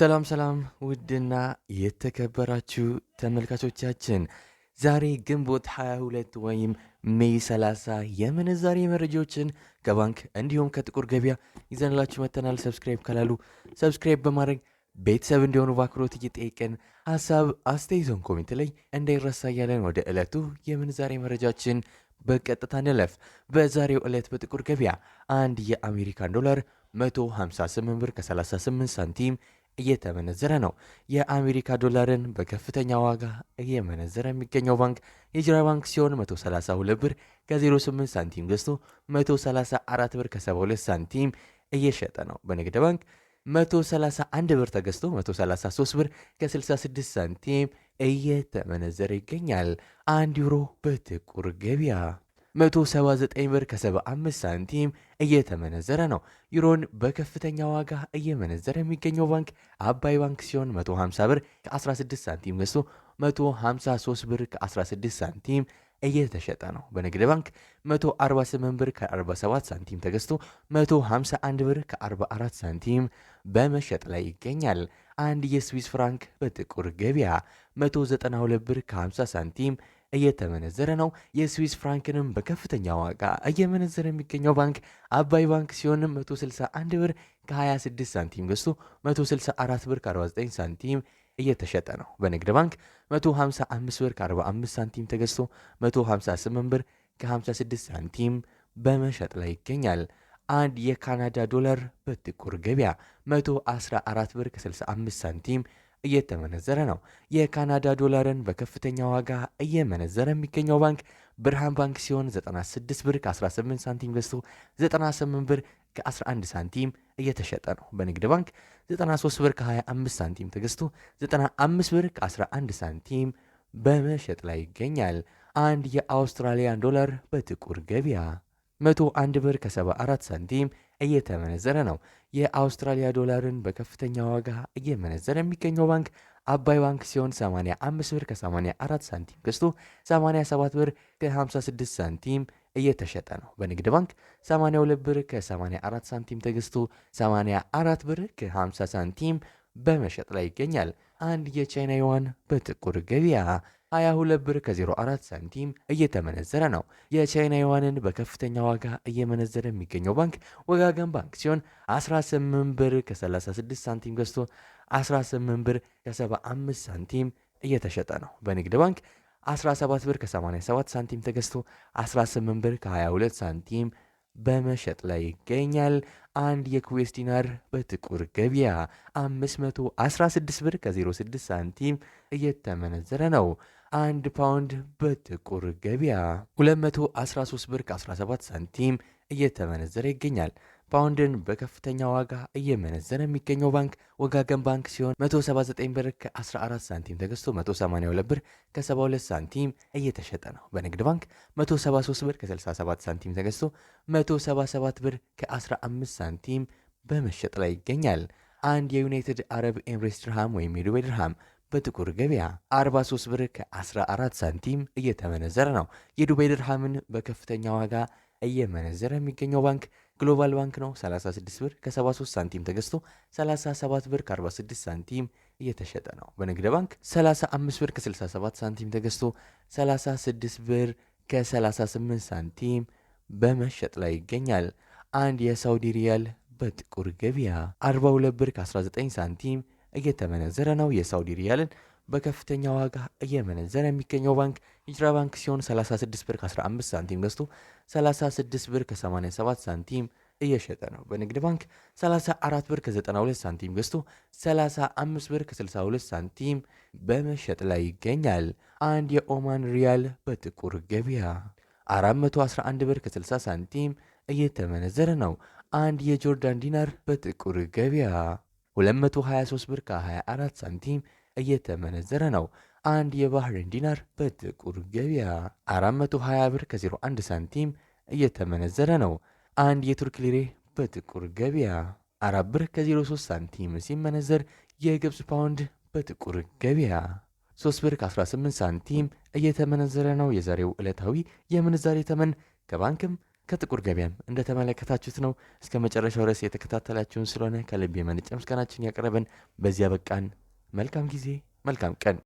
ሰላም ሰላም ውድና የተከበራችሁ ተመልካቾቻችን ዛሬ ግንቦት 22 ወይም ሜይ 30 የምንዛሬ መረጃዎችን ከባንክ እንዲሁም ከጥቁር ገበያ ይዘንላችሁ መተናል። ሰብስክራይብ ካላሉ ሰብስክራይብ በማድረግ ቤተሰብ እንዲሆኑ በአክብሮት እየጠየቅን ሀሳብ አስተያየቶን ኮሜንት ላይ እንዳይረሳ እያለን ወደ ዕለቱ የምንዛሬ መረጃችን በቀጥታ እንለፍ። በዛሬው ዕለት በጥቁር ገበያ አንድ የአሜሪካን ዶላር 158 ብር ከ38 ሳንቲም እየተመነዘረ ነው። የአሜሪካ ዶላርን በከፍተኛ ዋጋ እየመነዘረ የሚገኘው ባንክ የሂጅራ ባንክ ሲሆን 132 ብር ከ08 ሳንቲም ገዝቶ 134 ብር ከ72 ሳንቲም እየሸጠ ነው። በንግድ ባንክ 131 ብር ተገዝቶ 133 ብር ከ66 ሳንቲም እየተመነዘረ ይገኛል። አንድ ዩሮ በጥቁር ገበያ 179 ብር ከ75 ሳንቲም እየተመነዘረ ነው። ዩሮን በከፍተኛ ዋጋ እየመነዘረ የሚገኘው ባንክ አባይ ባንክ ሲሆን 150 ብር ከ16 ሳንቲም ገዝቶ 153 ብር ከ16 ሳንቲም እየተሸጠ ነው። በንግድ ባንክ 148 ብር ከ47 ሳንቲም ተገዝቶ 151 ብር ከ44 ሳንቲም በመሸጥ ላይ ይገኛል። አንድ የስዊስ ፍራንክ በጥቁር ገበያ 192 ብር ከ50 ሳንቲም እየተመነዘረ ነው። የስዊስ ፍራንክንም በከፍተኛ ዋጋ እየመነዘረ የሚገኘው ባንክ አባይ ባንክ ሲሆን 161 ብር ከ26 ሳንቲም ገዝቶ 164 ብር ከ49 ሳንቲም እየተሸጠ ነው። በንግድ ባንክ 155 ብር ከ45 ሳንቲም ተገዝቶ 158 ብር ከ56 ሳንቲም በመሸጥ ላይ ይገኛል። አንድ የካናዳ ዶላር በጥቁር ገበያ 114 ብር ከ65 ሳንቲም እየተመነዘረ ነው። የካናዳ ዶላርን በከፍተኛ ዋጋ እየመነዘረ የሚገኘው ባንክ ብርሃን ባንክ ሲሆን 96 ብር ከ18 ሳንቲም ገዝቶ 98 ብር ከ11 ሳንቲም እየተሸጠ ነው። በንግድ ባንክ 93 ብር ከ25 ሳንቲም ተገዝቶ 95 ብር ከ11 ሳንቲም በመሸጥ ላይ ይገኛል። አንድ የአውስትራሊያን ዶላር በጥቁር ገበያ 101 ብር ከ74 ሳንቲም እየተመነዘረ ነው። የአውስትራሊያ ዶላርን በከፍተኛ ዋጋ እየመነዘረ የሚገኘው ባንክ አባይ ባንክ ሲሆን 85 ብር ከ84 ሳንቲም ገዝቶ 87 ብር ከ56 ሳንቲም እየተሸጠ ነው። በንግድ ባንክ 82 ብር ከ84 ሳንቲም ተገዝቶ 84 ብር ከ50 ሳንቲም በመሸጥ ላይ ይገኛል። አንድ የቻይና ዩዋን በጥቁር ገበያ 22 ብር ከ04 ሳንቲም እየተመነዘረ ነው። የቻይና ዩዋንን በከፍተኛ ዋጋ እየመነዘረ የሚገኘው ባንክ ወጋገን ባንክ ሲሆን 18 ብር ከ36 ሳንቲም ገዝቶ 18 ብር ከ75 ሳንቲም እየተሸጠ ነው። በንግድ ባንክ 17 ብር ከ87 ሳንቲም ተገዝቶ 18 ብር ከ22 ሳንቲም በመሸጥ ላይ ይገኛል። አንድ የኩዌስ ዲናር በጥቁር ገበያ 516 ብር ከ06 ሳንቲም እየተመነዘረ ነው። አንድ ፓውንድ በጥቁር ገበያ 213 ብር ከ17 ሳንቲም እየተመነዘረ ይገኛል። ፓውንድን በከፍተኛ ዋጋ እየመነዘረ የሚገኘው ባንክ ወጋገን ባንክ ሲሆን 179 ብር ከ14 ሳንቲም ተገዝቶ 182 ብር ከ72 ሳንቲም እየተሸጠ ነው። በንግድ ባንክ 173 ብር ከ67 ሳንቲም ተገዝቶ 177 ብር ከ15 ሳንቲም በመሸጥ ላይ ይገኛል። አንድ የዩናይትድ አረብ ኤምሬትስ ድርሃም ወይም የዱባይ ድርሃም በጥቁር ገበያ 43 ብር ከ14 ሳንቲም እየተመነዘረ ነው። የዱባይ ድርሃምን በከፍተኛ ዋጋ እየመነዘረ የሚገኘው ባንክ ግሎባል ባንክ ነው። 36 ብር ከ73 ሳንቲም ተገዝቶ 37 ብር ከ46 ሳንቲም እየተሸጠ ነው። በንግድ ባንክ 35 ብር ከ67 ሳንቲም ተገዝቶ 36 ብር ከ38 ሳንቲም በመሸጥ ላይ ይገኛል። አንድ የሳውዲ ሪያል በጥቁር ገበያ 42 ብር ከ19 ሳንቲም እየተመነዘረ ነው። የሳውዲ ሪያልን በከፍተኛ ዋጋ እየመነዘረ የሚገኘው ባንክ ሂጅራ ባንክ ሲሆን 36 ብር ከ 15 ሳንቲም ገዝቶ 36 ብር ከ 87 ሳንቲም እየሸጠ ነው። በንግድ ባንክ 34 ብር ከ 92 ሳንቲም ገዝቶ 35 ብር ከ 62 ሳንቲም በመሸጥ ላይ ይገኛል። አንድ የኦማን ሪያል በጥቁር ገበያ 411 ብር 60 ሳንቲም እየተመነዘረ ነው። አንድ የጆርዳን ዲናር በጥቁር ገበያ 223 ብር ከ24 ሳንቲም እየተመነዘረ ነው። አንድ የባህሬን ዲናር በጥቁር ገበያ 420 ብር ከ01 ሳንቲም እየተመነዘረ ነው። አንድ የቱርክ ሊሬ በጥቁር ገበያ 4 ብር ከ03 ሳንቲም ሲመነዘር የግብፅ ፓውንድ በጥቁር ገበያ 3 ብር ከ18 ሳንቲም እየተመነዘረ ነው። የዛሬው ዕለታዊ የምንዛሬ ተመን ከባንክም ከጥቁር ገበያም እንደተመለከታችሁት ነው። እስከ መጨረሻው ድረስ የተከታተላችሁን ስለሆነ ከልብ የመነጨ ምስጋናችን ያቀረበን በዚያ በቃን። መልካም ጊዜ፣ መልካም ቀን